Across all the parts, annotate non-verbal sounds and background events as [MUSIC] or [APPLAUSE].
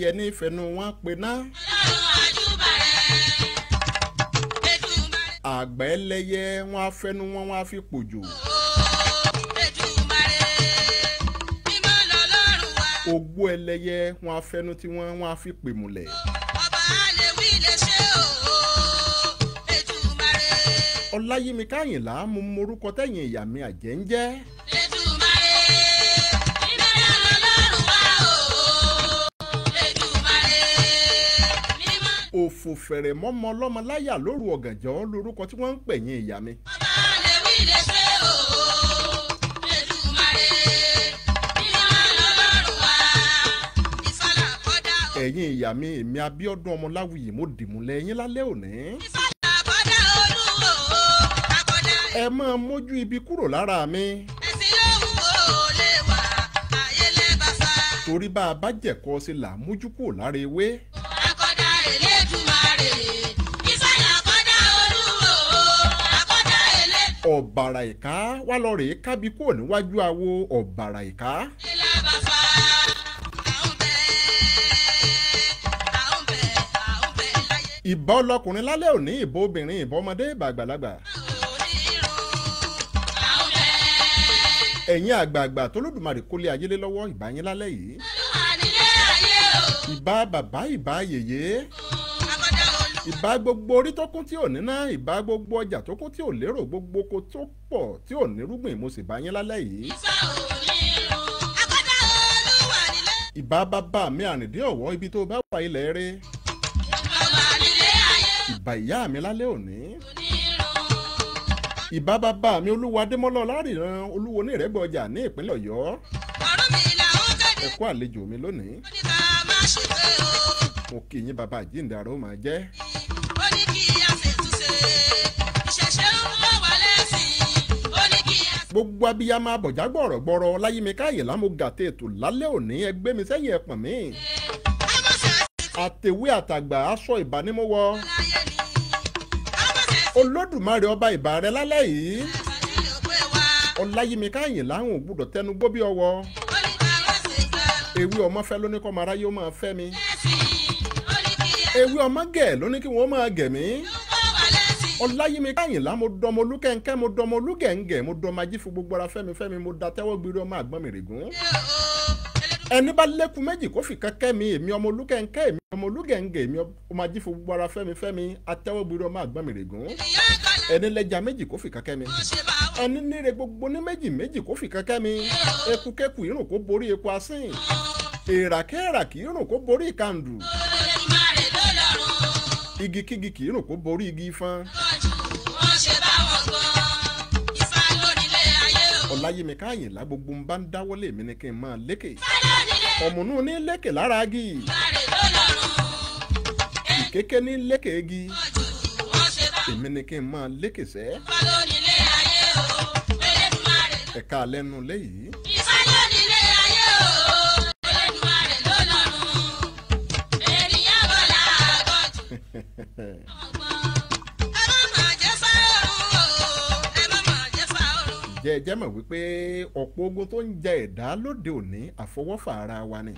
ẹlẹ́yẹ ní ìfẹ́nu wọn pe ná. àgbà ẹlẹ́yẹ wọn afẹ́nu wọn wọn á fi pòjò. ògbó ẹlẹ́yẹ wọn afẹ́nu tí wọ́n wọn á fi pèmùlẹ̀. ọláyími káyìnlá mo morúkọ tẹ̀yìn ìyá mi àjẹ́ ń jẹ́. fò fẹ̀rẹ̀ mọ́mọ ọlọ́mọ láyà lóru ọ̀gànjọ́ lórúkọ tí wọ́n ń pè yín ìyá mi. ẹ̀yin ìyá mi èmi Abíọ́dún Ọmọláwuyì mo dìmúlẹ̀ ẹ̀yin lálẹ́ òní. ẹ máa mójú ibi kúrò lára mi. torí bá a bá jẹ̀kọ́ sí là mójú kúrò lára ewé ọ̀bàrà ìká wá lọ rèé kábí kúrò níwájú awo ọ̀bàrà ìká. ìbọn ọlọkùnrin lálẹ́ òní ìbọn obìnrin ìbọn ọmọdé ìbọn àgbàlagbà. ẹ̀yin àgbààgbà tó lódùmarè kólé ayélé lọ́wọ́ ìbá yín lálẹ́ yìí. ìbá bàbá ìbá yèyé ìbá gbogbo orí tó kún tí ò níná ìbá gbogbo ọjà tó kún tí ò lérò gbogbo oko tó pọ̀ tí ò nírúgbìn mo sì bá yín lálẹ́ yìí. ìfà ò lérò. akọ́dà olúwa nílé. ìbá bàbá mi àrìndín ọ̀wọ́ ibi tó bá wà ilẹ̀ rẹ. ìbá nílé ìyá mi lálẹ́ òní. ìbá bàbá mi olúwa démọ́lọ́ láríran olúwo ní ìrẹ́gbọ̀jà ní ìpínlẹ̀ ọ̀yọ́. ẹ̀kọ́ àlejò mi lónìí mo kí yín bàbá àjíǹde àrò máa jẹ́. ó ní kí a ṣètúnṣe ìṣẹ̀ṣẹ̀ ń lọ wà lẹ́sìn ó ní kí a. gbogbo abiyamọ abọ̀já gbọ̀rọ̀gbọ̀rọ̀ mo gàtẹ́ ètò lálẹ́ òní ẹgbẹ́ mi sẹ́yìn ẹ̀pọ̀n mi. àtẹ̀wé àtàgbà aṣọ ìbánimọ̀wọ́ olódùmarè ọba ìbà rẹ lálẹ́ yìí ọláyémíká àyìnlá àwọn ògbúdọ̀ tẹnu gbó ọwọ́ ewé ọmọ fẹ́ lóníkọ́ máa ráyé ó máa fẹ́ mi ewé ọmọ gẹ̀ ló ní kí wọ́n máa gẹ̀ mí ọláyími káyìnlá mo dọmọ olúkẹ́ńkẹ́ mo dọmọ olúgẹ̀ǹgẹ̀ mo dọmọ ajífu gbogbo ara fẹ́mi fẹ́mi mo da tẹ́wọ́ gbére ọmọ àgbọ̀n mi rìgún ẹni bá lẹ́kùn méjì kó fi kẹ́kẹ́ mi èmi ọmọ olúkẹ́ńkẹ́ èmi ọmọ olúgẹ̀ǹgẹ̀ èmi ọmọ ajífu gbogbo ara fẹ́mi fẹ́mi atẹ́wọ́ gbére ọmọ àgbọ̀n mi rìgún ẹni lẹ́ja méjì kó fi kẹ́kẹ́ mi ẹni níre gbogbo ní méjì méjì kó fi kẹ́kẹ́ mi ekukẹ́kù irun kó borí eku asín èràkẹ́rà kì í rùn kó borí ìkàndù igi kígi kì í rùn kó borí igi ifán. wọ́n ṣe báwọn gan-an ifá lónílé ayé o. gbogbo ń bá ń dáwọ́lé mi ni kí n máa lékè. ọ̀mùnú ní lékè lára igi. ìkéké ní lékè igi. èmi ni kí n máa lékè sẹ́. ẹ̀ka lẹ́nu lẹ́yìn. ǹjẹ́ ẹ jẹ́ mọ̀ wípé ọ̀pọ̀ ogun tó ń jẹ ẹ̀dá lóde òní àfọwọ́fà ara wa ni.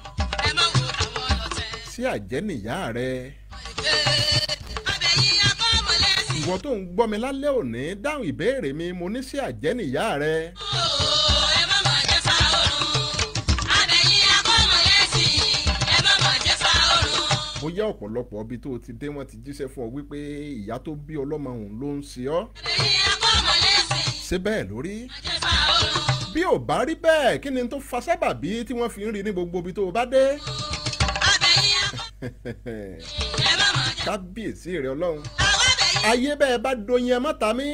sí àjẹ́ nìyá rẹ. ìwọ tó ń gbọ́ mi lálẹ́ òní dáhùn ìbéèrè mi mo ní sí àjẹ́ nìyá rẹ. bóyá ọ̀pọ̀lọpọ̀ ibi tó ti dé wọ́n ti jíṣẹ́ fún ọ wípé ìyá tó bí ọlọ́mọ òun ló ń ṣe ọ́ ṣe bẹ́ẹ̀ lórí. bí ò bá rí bẹ́ẹ̀ kí ni tó fa sábàbí tí wọ́n fi ń rí ní gbogbo ibi tó o bá dé. [LAUGHS] kábíyèsí rẹ ọlọ́run ayé bẹ́ẹ̀ bá doyin ẹ mọ́ta mi.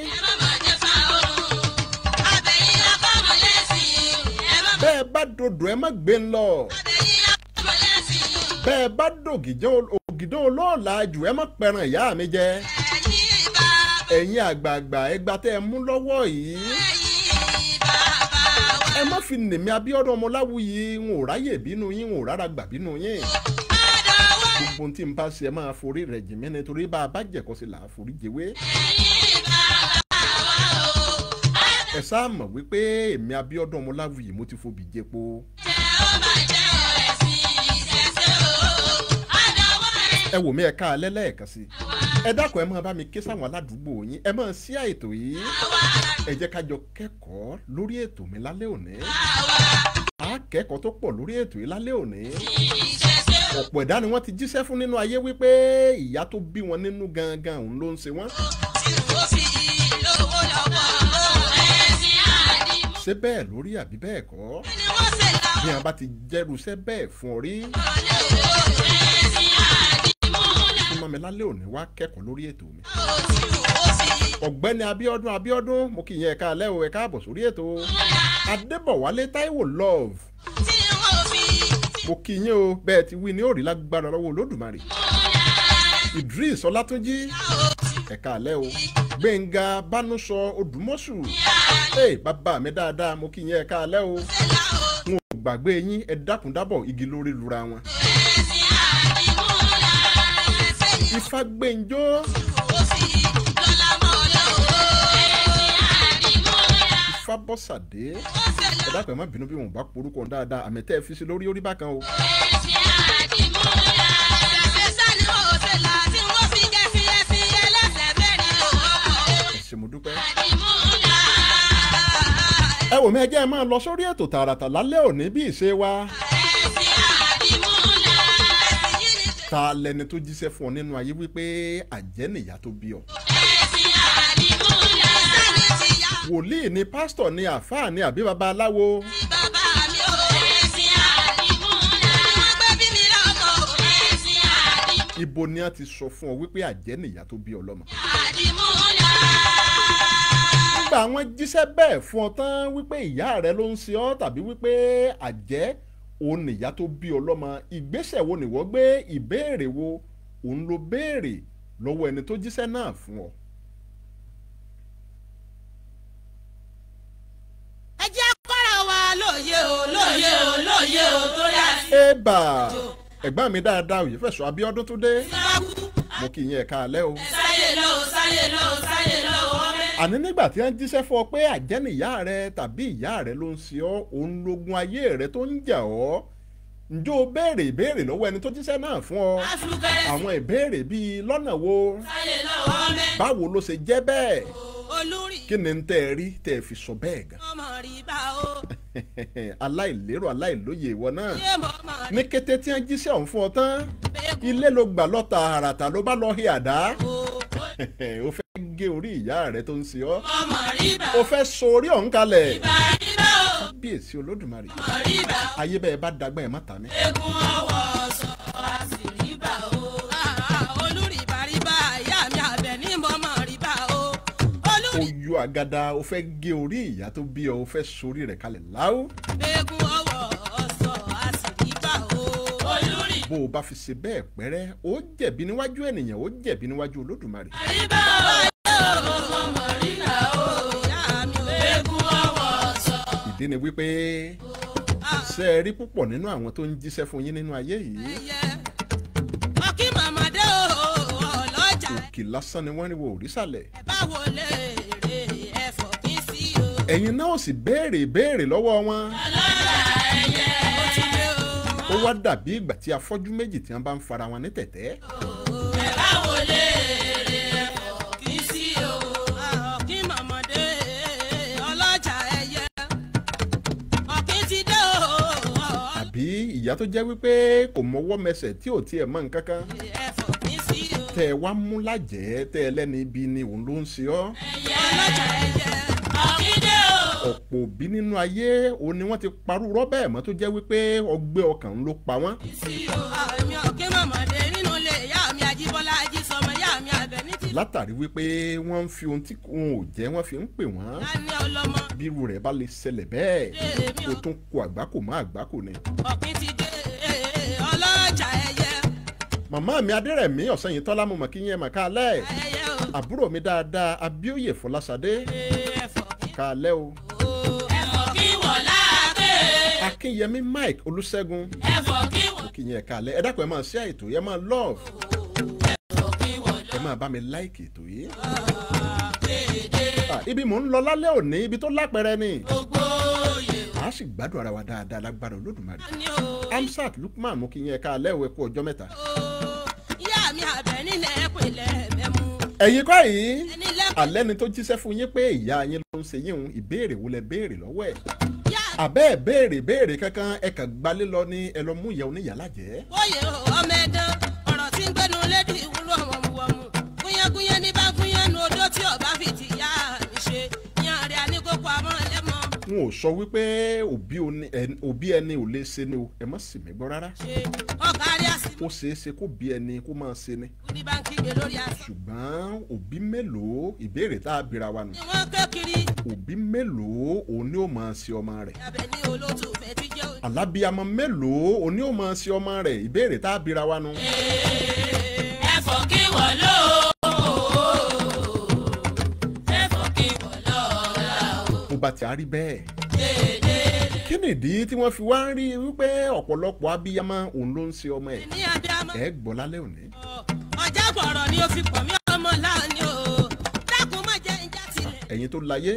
bẹ́ẹ̀ bá dodò ẹ má gbé lọ bẹ́ẹ̀ bá dògìdán olóòlà jù ẹ má pẹran ìyá mi jẹ ẹ̀yin àgbààgbà ẹgbà tẹ́ ẹ mú lọ́wọ́ yìí ẹ má fi nèmi Abíọ́dún Ọmọláwuyì n ò ráyè bínú yín n ò rárá gbà bínú yín gbogbo tí n bá ṣe ẹ máa forí rẹ̀ jì mí nítorí bá a bá jẹ̀kọ́ sí là forí jẹwé. ẹ sáà wípé èmi Abíọ́dún Ọmọláwuyì mo ti fobì jẹpo. ẹ wò mí ẹ ká alẹ́ lẹ́ẹ̀kan sí i ẹ dákun ẹ máa bá mi ké sáwọn aládùúgbò yín ẹ máa sí àìtò yìí ẹ jẹ́ ká jọ kẹ́kọ̀ọ́ lórí ètò mi lálẹ́ òní akẹ́kọ̀ọ́ tó pọ̀ lórí ètò yìí lálẹ́ òní ọ̀pọ̀ ẹ̀dá ni wọ́n ti jíṣẹ́ fún nínú ayé wípé ìyá tó bí wọn nínú gangan òun ló ń ṣe wọ́n. ṣé bẹ́ẹ̀ lórí àbí bẹ́ẹ̀ kọ́ bí wọn bá ti jẹ́rùsẹ́ bẹ́ẹ̀ fún ọ rí mọ́ mi lálẹ́ òní wá kẹ́kọ̀ọ́ lórí ètò mi. ọ̀gbẹ́ni Abíọ́dún Abíọ́dún mo kì í yẹn ẹ̀ka alẹ́ o ẹ̀ka àbọ̀ sórí ètò Adébọ̀wálé Táíwò love mo kì í yẹn o bẹ́ẹ̀ ti wí ní òrì lágbára lọ́wọ́ Olódùmarè Idris Ọlátúnjí ẹ̀ka alẹ́ o Gbẹ̀ngà Bánúsọ Odùmọ̀sù ee bàbá mi dáadáa mo kì í yẹn ẹ̀ka alẹ́ o n ò gbàgbé yín ẹ dákun dábọ̀ igi lórí lura wọn. Ifágbénjó. Ifábọ́sàdé. Ẹ dákun ẹ má bínú bí wọn bá porúkọ dáadáa àmì tẹ́ ẹ fi sí lórí orí bákan o. ẹ wò mí ẹ jẹ́ ẹ máa lọ sórí ètò tààràtà lálẹ́ òní bí ìṣe wa. ta lẹni tó jíṣẹ́ fún ọ nínú ayé wípé àjẹ́ nìyá tó bí ọ. wòlíì ni pásítọ̀ ni àfáà ni àbí baba aláwo. ibo ni a ti sọ fún ọ wípé àjẹ́ nìyá tó bí ọlọ́mọ. nígbà àwọn jíṣẹ́ bẹ́ẹ̀ fún ọ tán wípé ìyá rẹ ló ń ṣe ọ́ tàbí wípé àjẹ́ òun nìyá tó bí ọlọ́mọ ìgbésẹ̀ wo nìwọ gbé ìbéèrè wo òun ló béèrè lọ́wọ́ ẹni tó jíṣẹ́ náà fún ọ. ẹ jẹ́ kọ́ra wa lóye o lóye o lóye o tó yá sí. ébà ẹ̀gbọ́n mi dáadáa òye fẹ̀sọ̀ Abíọ́dún tó dé mo kì í yẹn ẹ̀ka alẹ́ o. ẹ sáyé lọ o lọ o àní nígbà tí wọ́n jíṣẹ́ fún ọ pé àjẹ́ni ìyá rẹ tàbí ìyá rẹ ló ń ṣe ọ́ òun lógun ayé rẹ tó ń jà ọ́ njó béèrè ìbéèrè lọ́wọ́ ẹni tó jíṣẹ́ náà fún ọ àwọn ìbéèrè bíi lọ́nà wo báwo ló ṣe jẹ́ bẹ́ẹ̀ kí ni ń ẹ rí tẹ́ ẹ fi sọ bẹ́ẹ̀ gan. [LAUGHS] aláìlérò aláìlóye ìwọ náà ní kété tí wọ́n jíṣẹ́ ọ̀hún fún ọ tán ilé ló gbà lọ tààràtà ló bá lọ hí àdá. Oh. [LAUGHS] o fẹ́ gé orí ìyá rẹ tó ń ṣe ọ́ o fẹ́ so orí ọ̀hún kalẹ̀ bíyèsí olódùmarè ayé bẹ́ẹ̀ bá dàgbà ẹ̀ má tà mí. egun ọwọ́ sọ àṣírí bá o. olùrìbàrìbà ìyá mi àbẹ̀ yọ àgàdà o fẹ́ gé orí ìyá tó bí ọ o fẹ́ sorí rẹ̀ kalẹ̀ láwù. bó o bá fi ṣe bẹ́ẹ̀ pẹ́rẹ́ ó jẹ̀bi níwájú ènìyàn ó jẹ̀bi níwájú olódùmarè. àyíbá ọ̀rẹ́ ọ̀rọ̀ mọ̀rínà ó eégún ọwọ́ sọ. ìdí ni wípé ṣe é rí púpọ̀ nínú àwọn tó ń jíṣẹ́ fún yín nínú ayé yìí. ọkí màmá dé ọlọ́jà. òkè lásán ni wọ́n ń wo òrìṣàlẹ̀. ẹ bá wọlé èrè ẹ̀fọ́ kí sí o. ẹ̀yin náà sì béèrè ìbéèrè lọ́wọ́ wọn. ọlọ́ ó wá dàbí ìgbà tí afọ́jú méjì tí wọ́n bá ń fara wọn ní tẹ̀tẹ́. ẹ àbí ìyá tó jẹ́ wípé kò mọwọ́ mẹsẹ̀ tí ò tiẹ̀ mọ̀ nǹkan kan tẹ ẹ wá mú lájẹ̀ẹ́ tẹ ẹ lẹ́ni ibi ni òun ló ń ṣe ọ́. ẹyẹ ọlọ́jà ẹyẹ ọ̀kín ọ̀pọ̀ òbí nínú ayé òun ni wọ́n ti parú rọ́bẹ̀ mọ́ tó jẹ́ wípé ọgbẹ́ ọkàn ló pa wọ́n. àmì ọ̀kẹ́ mọ̀mọ́dé nínú ilé ìyá mi látàrí wípé wọ́n ń fi ohun tí wọn ò jẹ́ wọ́n fi ń pè wọ́n. bírú rẹ̀ bá lè ṣẹlẹ̀ bẹ́ẹ̀ kó tún kó àgbákò mọ́ àgbákò ni. màmá mi Adérẹ̀mí Ọ̀sanyìntọ́lá mo mọ̀ kí yẹn mọ̀ ká àbúrò mi dáadáa Abíóyè Fọláṣadé. kálẹ̀ o akínyẹmí mike olùṣègùn kìyìn ẹ̀ka alẹ́ ẹ dákun ẹ máa share ètò yẹn máa love ẹ máa bá mi like ètò yìí. Ah, ibi mò ń lọ lálẹ́ òní ibi tó lápẹẹrẹ ni a sì gbádùn ara wa dáadáa lágbára olódùmarè amsat lukman mo kì yẹn ká alẹ́ òwe kú ọjọ́ mẹ́ta. ẹ̀yin kọ́ yìí alẹ́ ni tó jíṣẹ́ fún yín pé ìyá yín ló ń ṣe yín ìbéèrè wo lẹ béèrè lọ́wọ́ ẹ̀ àbẹ́ẹ̀ béèrè béèrè kankan ẹ̀ka gbalé lọ ní ẹ lọ mú ìyá oníyàlá jẹ́. bóyá ọmọ ẹ̀dá. n ò sọ wípé òbí ẹni ò lè ṣe ni o ẹ má sì mí gbọ́ rárá ó ṣeé ṣe kó bí ẹni kó máa ṣe ni ṣùgbọ́n òbí mélòó ìbéèrè tá a bira wa nù òbí mélòó òun ni ó máa ṣe ọmọ rẹ̀ alábíàmọ mélòó òun ni ó máa ṣe ọmọ rẹ̀ ìbéèrè tá a bira wa nù. ẹ̀fọ́ kí wọ́n lò ó. bá ti àárí bẹ́ẹ̀. kí ni ìdí tí wọ́n fi wá ń rí wípé ọ̀pọ̀lọpọ̀ abiyamọ òun ló ń ṣe ọmọ ẹ̀ ẹ gbọ́ lálẹ́ òní. ọjà gbọ̀rọ̀ ni o fi pọ̀ mí ọmọ láàánú o dákun má jẹ́ ìjà tilẹ̀. ẹ̀yin tó láyé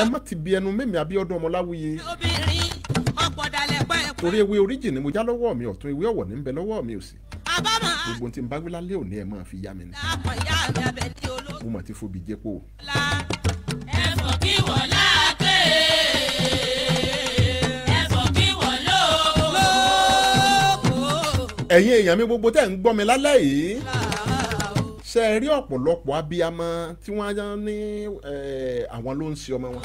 ẹ má ti bi ẹnu mẹ́mi Abíọ́dún Ọmọláwuyè. obìnrin ọ̀pọ̀dàlẹ̀ pẹ́ẹ́pẹ́. torí ewé oríjì ni mo já lọ́wọ́ mi ọ̀tún ewé ọ̀wọ̀ ní ń bẹ lọ́wọ́ mi òsì. àbámọ̀ gbogbo tí n bá gbé lálẹ́ òní ẹ̀ máa fi yá mi ni. mo mà ti fobi jẹ́pọ̀ ẹ̀yin èèyàn mi gbogbo tẹ́ ń gbọ́ mi lálẹ́ yìí ṣe é rí ọ̀pọ̀lọpọ̀ abiyamọ tí wọ́n á ní àwọn ló ń ṣe ọmọ wọn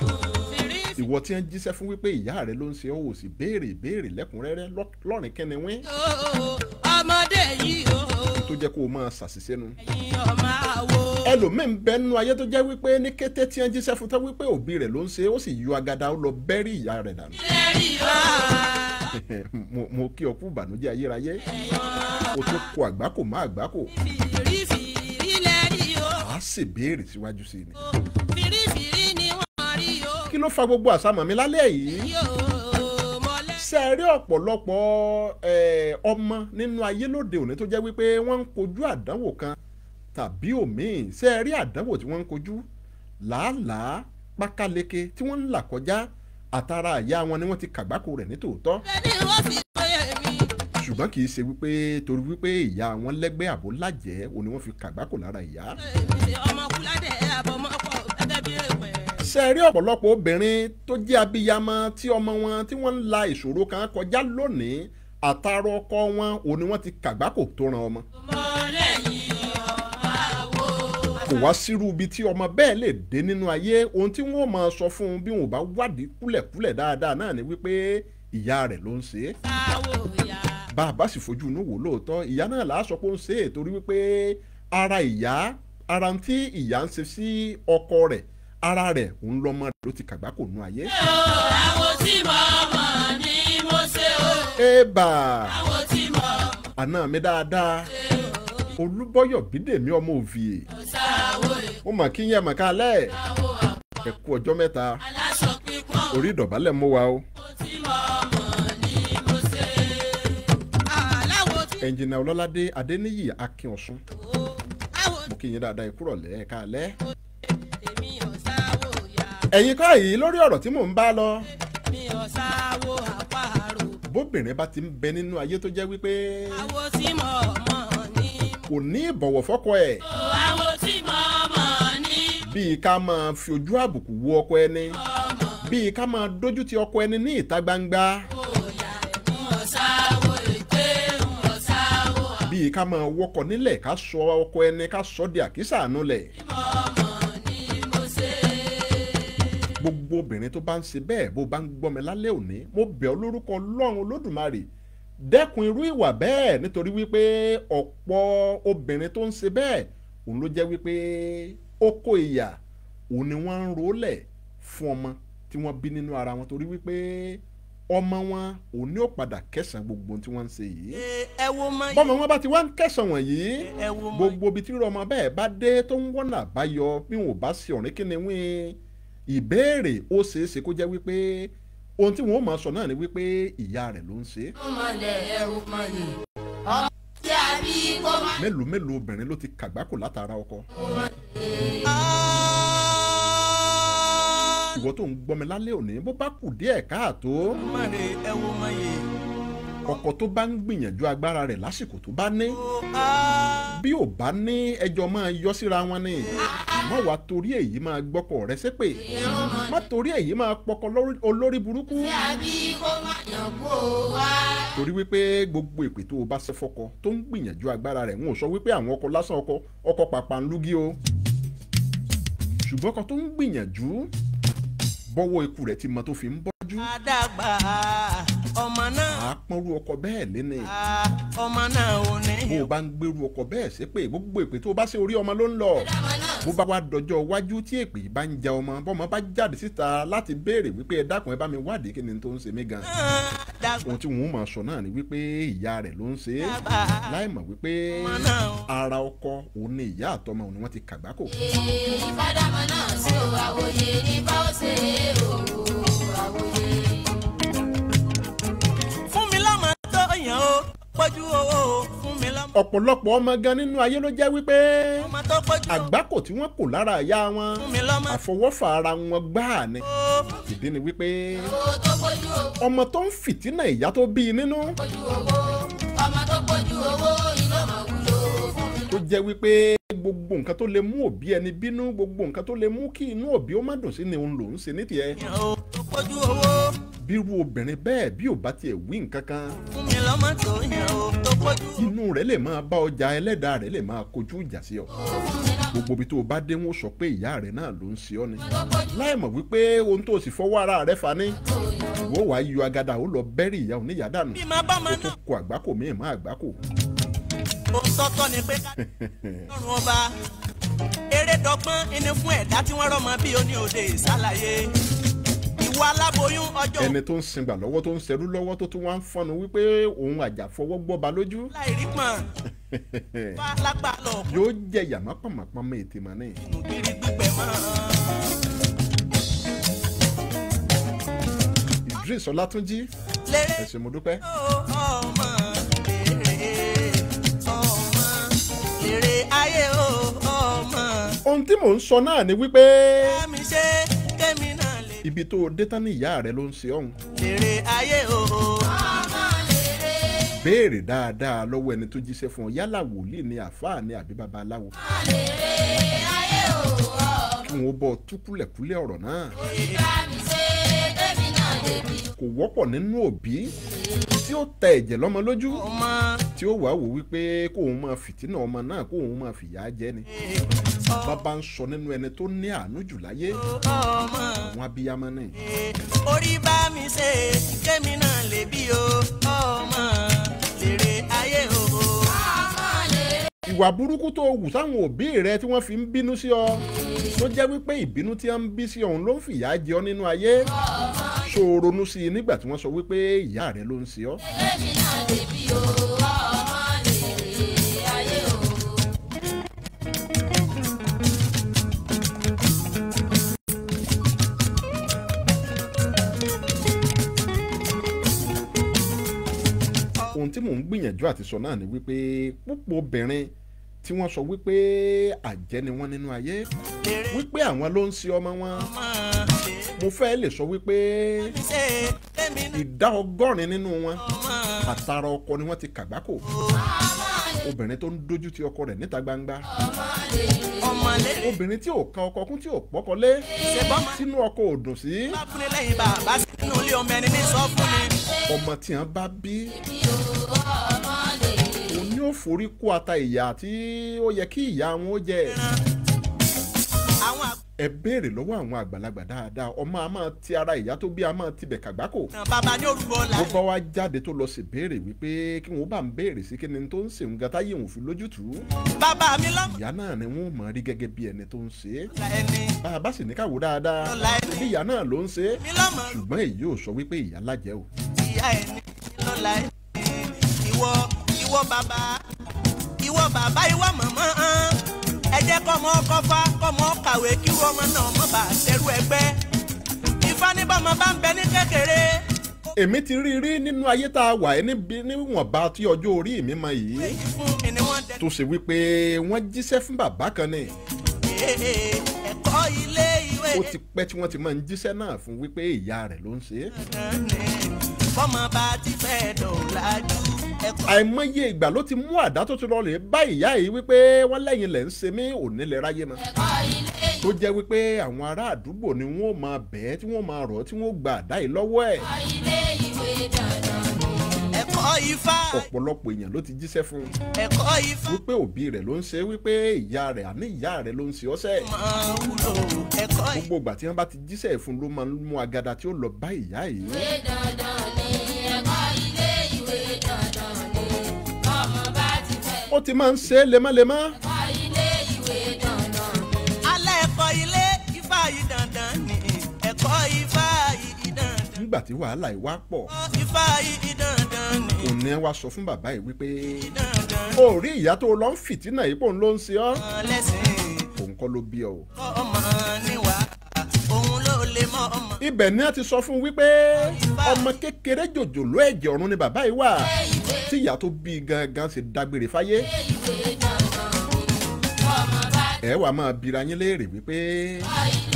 ìwọ tí wọ́n jíṣẹ́ fún wípé ìyá rẹ ló ń ṣe ó sì béèrè béèrè lẹ́kùnrẹ́rẹ́ lọ́rìn kẹ́ni oh, oh, oh, ọmọdé yìí o tó jẹ́ kó o máa ṣàṣìṣe nu. ẹlòmíín bẹ nínú ayé tó jẹ́ wípé ní kété tí wọ́n jíṣẹ́ fún tán wípé òbí rẹ̀ ló ń ṣe ó sì yọ agada ó lọ bẹ́rí ìyá rẹ̀ dànù. [LAUGHS] mo kí ọ kú ayérayé o tó kó àgbákò má àgbákò wàá ṣèbéèrè síwájú sí i ni. kí ló fa gbogbo àsámọ̀ mi lálẹ́ yìí ṣe rí ọ̀pọ̀lọpọ̀ ọmọ nínú ayé lóde òní tó jẹ́ wípé wọ́n ń kojú àdánwò kan tàbí òmíì ṣe rí àdánwò tí wọ́n ń kojú làálàá pákáleke tí wọ́n ń là kọjá àtàrà àyà wọn ni wọ́n ti kàgbákò rẹ̀ ní tòótọ́. ṣùgbọ́n kì í ṣe wípé torí wípé ìyá wọn lẹ́gbẹ́ àbó lájẹ́ òní wọ́n fi kàgbákò lára ìyá. ọmọkùnrin ṣe rí ọ̀pọ̀lọpọ̀ obìnrin tó jẹ́ abiyamọ tí ọmọ wọn tí wọ́n ń la ìṣòro kan kọjá lónìí àtàrọ ọkọ wọn òun ni wọ́n ti kàgbákò tó ran ọmọ. kò wá sírú ibi tí ọmọ bẹ́ẹ̀ lè dé nínú ayé ohun tí wọ́n máa sọ fún un bí wọn ò bá wádìí kúlẹ̀kúlẹ̀ dáadáa náà ni wípé ìyá rẹ̀ ló ń ṣe é. bá a bá sì fojú inú wò lóòótọ́ ìyá náà làá sọ pé ó ń ṣe é torí wípé ara ìyá ara tí ìyá ń ṣe sí ọkọ rẹ̀ ara rẹ̀ òun lọ́mọ rẹ̀ ló ti kàgbá kò nú ayé. àwọn tí mo mọ̀ ni mo ṣe o. àwọn tí mo mọ̀. mi dáadáa olúbọ̀yọ̀ bídèmí ọmọ òfìyè. mo mọ̀ kí yẹn mọ̀ kálẹ̀. ẹ o. ẹnjìnà ọlọ́ládé adéníyì akínọ̀sùn mo kí dáadáa ẹ̀yin kọ́ yìí lórí ọ̀rọ̀ tí mò ń bá lọ. mi ò sáwó àpárò. bóbìnrin bá ti ń bẹ nínú ayé tó jẹ́ wípé. àwo ni. kò ní ìbọ̀wọ̀ fọ́kọ ẹ̀. àwo tí fi oju àbùkù wo ọkọ ẹni. bíi ká máa dójú ti ọkọ ẹni ní ìta gbangba. ka wọkọ nile ka sọ ọkọ ẹni ká sọ di àkísà nulẹ̀. gbogbo obìnrin tó bá ń ṣe bẹ́ẹ̀ bó bá ń gbọ́ lálẹ́ òní mo bẹ̀ ọ́ lórúkọ ọlọ́run olódùmarè dẹ́kun irú ìwà bẹ́ẹ̀ nítorí wípé ọ̀pọ̀ obìnrin tó ń ṣe bẹ́ẹ̀ òun ló jẹ́ wípé oko ìyà òun ni wọ́n ń rólẹ̀ fún ọmọ tí wọ́n bí nínú ara wọn torí wípé ọmọ wọn òun ni ó padà kẹsàn gbogbo tí wọ́n ń ṣe yìí bọ́mọ wọn bá ti wá ń kẹsàn wọ̀nyí gbogbo ibi tí irú ọmọ bẹ́ẹ̀ bá dé tó ń wọ́nà àbáyọ bí wọn ò bá ṣe ọ̀rìn kíni wín ìbéèrè ó ṣeé ṣe kó jẹ́ wípé ohun tí wọ́n máa sọ náà ni wípé ìyá rẹ̀ ló ń ṣe. mélòó mélòó obìnrin ló ti kàgbákò látara ọkọ. ìwọ tó ń gbọ́ mi lálẹ́ òní bó bá kù díẹ̀ káàtó. ọmọlẹ̀ ẹrù kan ọkọ tó bá ń gbìyànjú agbára rẹ̀ lásìkò tó bá ní bí ò bá ní ẹjọ́ máa yọ síra wọn ni má wàá torí èyí máa gbọ́kọ̀ rẹ ṣépè má torí èyí máa pọkọ olórí burúkú. ṣé àbí kó má yàn kó wá. torí wípé gbogbo èpè tó o bá ṣe fọkọ tó ń gbìyànjú agbára rẹ̀ ń sọ wípé àwọn ọkọ lásán ọkọ ọkọ pàpà ń lúgí o ṣùgbọ́n kan tó ń gbìyànjú bọ́wọ́ ikú rẹ̀ ti mọ tó fi ń bọ́jú. adagba ọmọ náà. a pọ́nrú ọkọ̀ bẹ́ẹ̀ léni. ọmọ náà ò ní. bó o bá ń gbèrú ọkọ̀ bẹ́ẹ̀ ṣe pé gbogbo èpè tó o bá ṣe orí ọmọ ló ń lọ. bó bá wá dọjọ́ iwájú tí èpè yìí bá ń ja ọmọ bọ́mọ bá jáde síta láti béèrè wípé ẹ dákun ẹ bá mi wádìí kí ni tó ń ṣe mí gan. ohun tí wọ́n máa sọ náà ni wípé ìyá rẹ̀ ló ń ṣe é láì mọ̀ wípé ara ọkọ òun ni ìyá àtọmọ òun ni wọ́n ti kàgbákò. ìbádàmọ́ náà sí òwò àwòye ní ó ṣe é òru àwòye. pọ̀jù owó fún mi lọ́mọ. ọ̀pọ̀lọpọ̀ ọmọ gan nínú ayé ló jẹ́ wípé àgbákò tí wọ́n kò lára àyà wọn àfọwọ́fà ara wọn gbáà ni ìdí ni wípé ọmọ tó ń fìtínà ìyá tó bí i nínú tó jẹ́ wípé gbogbo nǹkan tó lè mú òbí ẹni bínú gbogbo nǹkan tó lè mú kí inú òbí ó má dùn sí ni òun lòún ṣe ní ìyàwó tó pọ̀jù owó bírú obìnrin bẹ́ẹ̀ bí ò bá tiẹ̀ wí nǹkan inú rẹ̀ lè máa bá ọjà ẹlẹ́dàá rẹ̀ lè máa kojú ìjà sí ọ. gbogbo ibi tó o bá dé wọn sọ pé ìyá rẹ̀ náà ló ń ṣe ọ́ ni. láì mọ̀ wípé ohun tó o sì fọwọ́ ara rẹ̀ fa ní. ìwọ wàá yọ agada ó lọ bẹ́rì ìyá oníyàá dànù. bí kó àgbákò míì má àgbákò. ohun tọ́tọ́ ni pé ká [LAUGHS] lọ́rùn ọba eré dọ́gbọ́n ìwà aláboyún ọjọ́. ẹni tó ń singbà lọ́wọ́ tó ń ṣerú lọ́wọ́ tó tún wá ń fọnu wípé òun àjàfọwọ́ gbọ́ba lójú. láìrí pọ̀n [LAUGHS] lágbà lọ. yóò jẹ yàmá pàmàpàmà ètè mọ́ ni. inú kiri gbígbẹ mọ́. Idris Ọlátúnjí ẹ ṣé mo dúpẹ́. ọmọ ohun tí mò ń sọ náà ni wípé. ẹ mi ṣe ibi tó o dé tán ní ìyá rẹ ló ń ṣe ọ̀hún. lèrè ayé o ọmọ lèrè. béèrè dáadáa lọ́wọ́ ẹni tó jíṣẹ́ fún ọ yálà wòlíì ni àfáà ni àbí babaláwo. lèrè ayé o ọmọ. kí wọ́n bọ̀ tú ọ̀rọ̀ náà. kò wọ́pọ̀ nínú òbí tí ó tẹ ẹ̀jẹ̀ lọ́mọ lójú tí ó wàá wò wípé kóun máa fìtínà ọmọ náà kóun máa fìyà jẹ ni bàbá ń sọ nínú ẹni tó ní àánú jù láyé àwọn abiyamọ ni. orí bá mi ṣe kémi náà lè bí o ọmọ lèrè ayé o. ìwà burúkú tó wù sáwọn òbí rẹ tí wọ́n fi ń bínú sí ọ tó jẹ́ wípé ìbínú tí wọ́n ń bí sí ọ̀hún ló ń fìyà jẹ ọ nínú ayé. ọmọ ṣó o ronú sí i nígbà tí wọ́n sọ wípé ìyá rẹ ló ń ṣe ọ́. ohun tí mò ń gbìyànjú àti sọ náà ni wípé púpọ̀ obìnrin tí wọ́n sọ wípé àjẹ́ ni wọ́n nínú ayé wípé àwọn ló ń ṣe ọmọ wọn mo fẹ́ lè sọ wípé ìdá ọgọ́rin nínú wọn àtàrà ọkọ ni wọ́n ti kàgbákò obìnrin tó ń dojú ti ọkọ rẹ̀ níta gbangba obìnrin tí ò kan ọkọ kún tí ò pọ́kọlé sínú ọkọ ò dùn sí. ọmọ tí wọn bá bí òun ni ó forí kó ata ìyá tí ó yẹ kí ìyá wọn ó jẹ ẹ béèrè lọ́wọ́ àwọn àgbàlagbà dáadáa ọmọ a máa ti ara ìyá tó bí a máa ti bẹ̀kà gbáko. bàbá ní orúkọ la. ó bá wa jáde tó lọ sí béèrè wípé kí wọn bá ń béèrè sí kíni tó ń ṣe ń gata òun fi lójútùú. bàbá mi lọ. ìyá náà ni wọn mọ rí gẹ́gẹ́ bí ẹni tó ń ṣe. bàbá sì ní káwọ dáadáa bí ìyá náà ló ń ṣe. ṣùgbọ́n èyí ò sọ wípé ìyá lájẹ́ o. ìyá ẹni ẹ jẹ́ kọ́mọ kọ́fá kọ́mọ kàwé kí wọ́n ọmọ náà mọ̀ bá ṣẹ́rú ẹgbẹ́ ifá ní bọ́mọ bá ń bẹ ní kékeré. èmi ti rí rí nínú ayé tá a wà ẹ níbi níwọ̀nba tí ọjọ́ orí mi mọ yìí tó ṣe wípé wọ́n jíṣẹ́ fún bàbá kan ni. ẹ̀kọ́ ilé ó ti pẹ́ tí wọ́n ti máa ń jíṣẹ́ náà fún wípé ìyá rẹ̀ ló ń ṣe é. àìmọye ìgbà ló ti mú àdá tó ti lọ rè bá ìyá yìí wípé wọ́n lẹ́yìn lẹ̀ ń ṣe mí òní lè ráyé mọ́. tó jẹ́ wípé àwọn ará àdúgbò ni wọ́n máa bẹ̀ẹ́ tí wọ́n máa rọ̀ tí wọ́n gba àdá yìí lọ́wọ́ ẹ̀ ọ̀pọ̀lọpọ̀ èèyàn ló ti jíṣẹ́ fún un wípé òbí rẹ̀ ló ń ṣe wípé ìyá rẹ̀ àní ìyá rẹ̀ ló ń ṣe ọ́sẹ̀ gbogbo ìgbà tí wọ́n bá ti jíṣẹ́ fún un ló máa ń mú agada tí ó lọ bá ìyá yìí. ó ti máa ń ṣe é lemọ́lemọ́. nígbà tí wàhálà yìí pọ̀ òní ẹ wá sọ fún bàbá yìí wípé o rí ìyá tó lọ ń fìtínà yìí pò ń ló ń ṣe ọ́ òun kọ́ ló bí ọ o. ibẹ̀ ni a ti sọ fún wípé ọmọ kékeré jòjòló ẹ̀jẹ̀ ọ̀run ni bàbá yìí wà tí ìyá tó bí gangan sì dágbére fáyé ẹ wàá máa bira yín léèrè wípé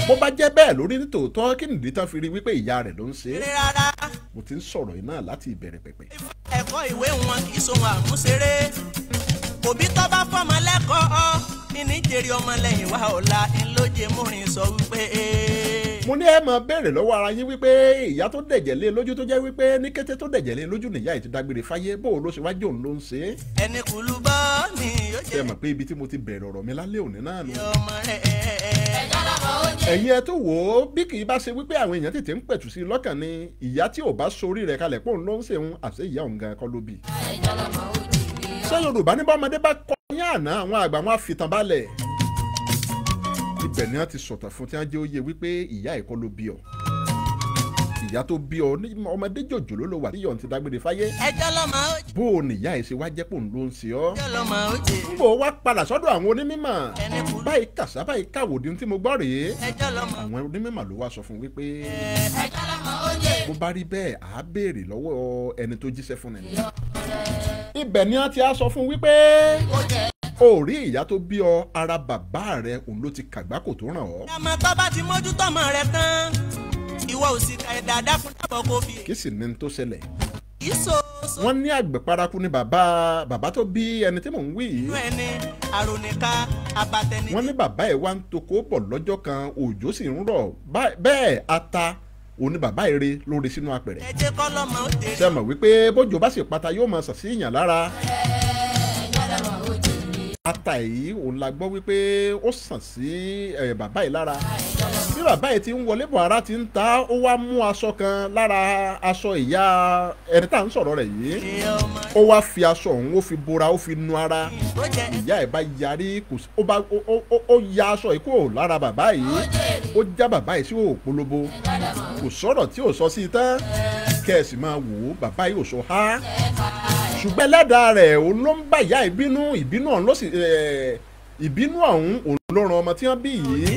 bó bá jẹ́ bẹ́ẹ̀ lórí nítòótọ́ kí nìdí tán fi rí wípé ìyá rẹ̀ ló ń ṣe mo ti ń sọ̀rọ̀ yìí náà láti ìbẹ̀rẹ̀ pẹ̀pẹ̀. ẹ̀kọ́ ìwé wọn kì í sohun àmúṣeré òbí tó bá fọmọ lẹ́kọ̀ọ́ ìní jèrè ọmọ lẹ́yìn wa ọ̀la ńlọ́jẹ̀ múrin sọ wípé. mo ní ẹ máa bẹ̀rẹ̀ lọ́wọ́ ara yín wípé ìyá tó dẹ̀jẹ̀ lé lójú tó jẹ́ wípé ní kété tó dẹ̀jẹ̀ lé lójú nìyá ètò dágbére fáyé bóun ló ṣe wá jòun ló ń ṣe ẹni kùlù bọ́ ni yóò jẹ́. ṣe mọ̀ pé ibi tí mo ti bẹ̀rẹ̀ ọ̀rọ̀ mi lálẹ́ òní náà nù ẹ̀yin ẹ tó wò ó bí kì í bá ṣe wípé àwọn èèyàn tètè ń pẹ̀tù sí i lọ́kàn ni ìyá tí ò bá sórí rẹ̀ kalẹ̀ pòun ló ń ṣeun àṣẹ ìyá òun gan kọ́ ló bì. ṣé Yorùbá ní bọ́mọdé bá kọ́ yín àná àwọn àgbà wọn àfitàn balẹ̀ ibẹ̀ ni wọ́n ti sọ̀tàn fún tí wọ́n jẹ́ òye wípé ìyá ẹ̀kọ́ ló bí ọ ìyá tó bí ọ ọmọdé jòjò ló lọ wà tíyọ̀ ti dágbére fáyé. ẹjọ́ lọ́mọ ó jẹ. bó o nìyá ẹ̀ ṣe wá jẹ́ pò ń ló ń ṣe ọ́. ẹjọ́ lọ́mọ ó jẹ. n bò wá padà sọ́dọ̀ àwọn onímọ̀. ẹni kú. báyìí kàṣà báyìí káwòdì tí mo gbọ́ rèé. ẹjọ́ lọ́mọ. àwọn onímọ̀ ló wá sọ fún wípé. ẹjọ́ lọ́mọ ó jẹ. bó bá rí bẹ́ẹ̀ à á béèrè lọ́wọ́ ẹni tó jíṣẹ́ fún ni. ibẹ̀ ni wọ́n ti á sọ fún wípé. ó jẹ ó rí ìyá tó bí ọ ara bàbá rẹ òun ló ti kàgbákò tó ràn ọ. àmọ́ tó bá ti mójútó ọmọ rẹ tán ìwọ ò sì ka ẹ̀dá dákun dábọ̀ kó fi. kí sì ni tó ṣẹlẹ̀. kì í wọ́n ní àgbẹ̀ paraku ni bàbá bàbá tó bí ẹni tí mò ń wí yìí. wọ́n ní bàbá ẹ̀ wá ń toko bọ̀ lọ́jọ́ kan òjò sì ń rọ̀ bẹ́ẹ̀ ata òní bàbá ire lórí sínú apẹ̀rẹ̀. ẹ jẹ́ wípé bójú bá sì pata yóò máa sàsí ìyàn lára. ẹ ata yìí òun la gbọ́ wípé ó sàn sí bàbá yìí lára náírà báyìí ti ń wọlé bọ̀ ti ń ta ó wá mú aṣọ kan lára aṣọ ìyá ẹni tá à ń sọ̀rọ̀ rẹ̀ yìí ó wá fi aṣọ òun ó fi bora ó fi nu ara ìyá ẹ̀ bá yarí kò sí ó ya aṣọ yìí kúrò lára bàbá yìí ó já bàbá yìí sí òpolóbo kò sọ̀rọ̀ tí ò sọ sí i tán kẹ́ẹ̀sì máa wò ó bàbá yìí ò sọ há ṣùgbọ́n ẹlẹ́dàá rẹ̀ òun ló ń bá ìyá ìbínú ìbínú ọ̀hún ló sì ìbínú ọ̀hún òun ló ran ọmọ tí wọ́n bí yìí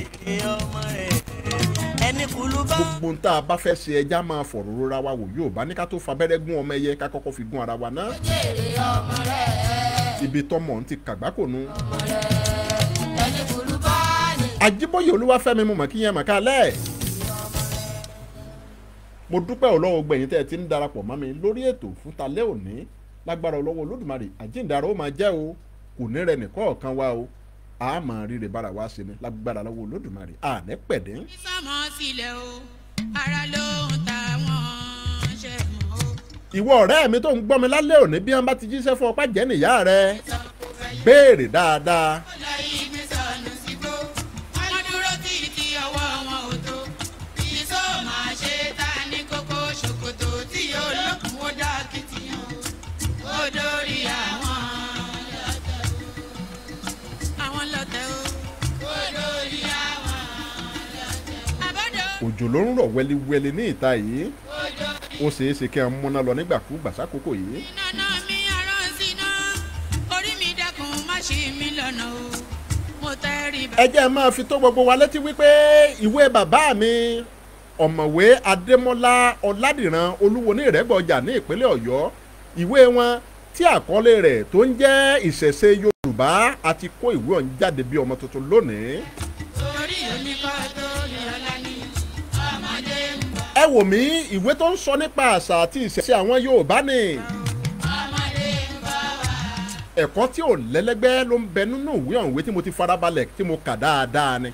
ẹni kulu bá. gbogbo tá bá fẹ́ ṣe ẹja máa fọ̀rọ̀ rora wa wò yóò bá ní ká tó fabẹ́rẹ́ gún ọmọ ẹyẹ ká kọ́kọ́ fi gún ara wa náà. ibi tọmọ ń ti kàgbákò nu. Ajíbóyè Olúwafẹ́mi mo mọ̀ kí yẹn mọ̀ ká lẹ́ẹ̀. mo dúpẹ́ ọlọ́wọ́ gbẹ̀yìn tẹ́ ẹ ti ń darapọ̀ mọ́ mi lórí ètò fún talẹ́ òní lágbára ọlọ́wọ́ Olódùmarè àjíǹdàrà ó máa jẹ́ o kò ní rẹ̀ nìkọ́ ọ̀kan wa o a máa ríre bára wa ṣe ni lágbára lọ́wọ́ olódùmarè àní pẹ̀dẹ́. sísọmọ sílẹ̀ o ara ló ń ta wọ́n ṣe mọ́ o. ìwọ ọ̀rẹ́ mi tó ń gbọ́ mi lálẹ́ òní bí wọ́n bá ti jíṣẹ́ fún ọpá jẹ́ nìyá rẹ béèrè dáadáa. òjò ló ń rọ̀ wẹ́lẹ́wẹ́lẹ́ ní ìta yìí ó ṣeé ṣe kí a múná lọ nígbàkúgbà sákòókò yìí. nana mi arán síná orí mi dẹkùn má ṣì mí lọ́nà o mo tẹ́ rí bá. ẹ máa fi tó gbogbo wa létí wípé ìwé bàbá mi ọ̀mọ̀wé adémọ́lá ọ̀làdìran olúwo ní ìrẹ́gbọ̀jà ní ìpínlẹ̀ ọ̀yọ́ ìwé wọn tí àkọlé rẹ̀ tó ń jẹ́ ìṣẹ̀ṣe yorùbá àti kó ìwé ọ̀hún jáde bí ọmọ tuntun lónìí. torí èmi kọ́ tó ẹ wò mí ìwé tó ń sọ nípa àṣà àti ìṣẹ̀ṣe àwọn Yorùbá ni ẹ̀kọ́ tí ò lẹ́lẹ́gbẹ́ ló ń bẹ nínú ìwé ọ̀hún tí mo ti farabalẹ̀ tí mo kà dáadáa ni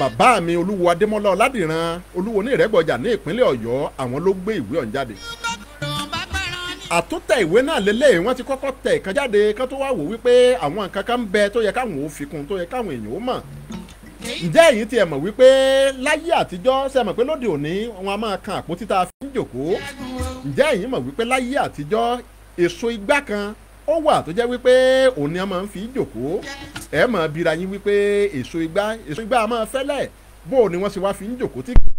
bàbá mi olúwo adémọ́lá ọládìran olúwo ní ìrẹ́gbọ̀jà ní ìpínlẹ̀ ọ̀yọ́ àwọn ló gbé ìwé ọ̀hún jáde àtúntẹ̀ ìwé náà lélẹ̀ wọ́n ti kọ́kọ́ tẹ̀ ìkan jáde kán tó wá wò wípé àwọn nǹkan kan ń bẹ tó yẹ káwọn ò fi kún tó yẹ káwọn èèyàn ó mọ̀ ǹjẹ́ ẹ̀yin tiẹ̀ mọ̀ wípé láyé àtijọ́ ṣe mọ̀ pé lóde òní wọn a máa kan àpótí tá a fi ń jòkó ǹjẹ́ ẹ̀yin mọ̀ wípé láyé àtijọ́ èso igbá kan ó wà tó jẹ́ wípé òun ni a máa ń fi jòkó ẹ̀ mọ̀ bira yín wípé èso igbá èso igbá a máa fẹ́lẹ̀ bó o ni wọ́n ṣe wá fi ń jòkó tí kì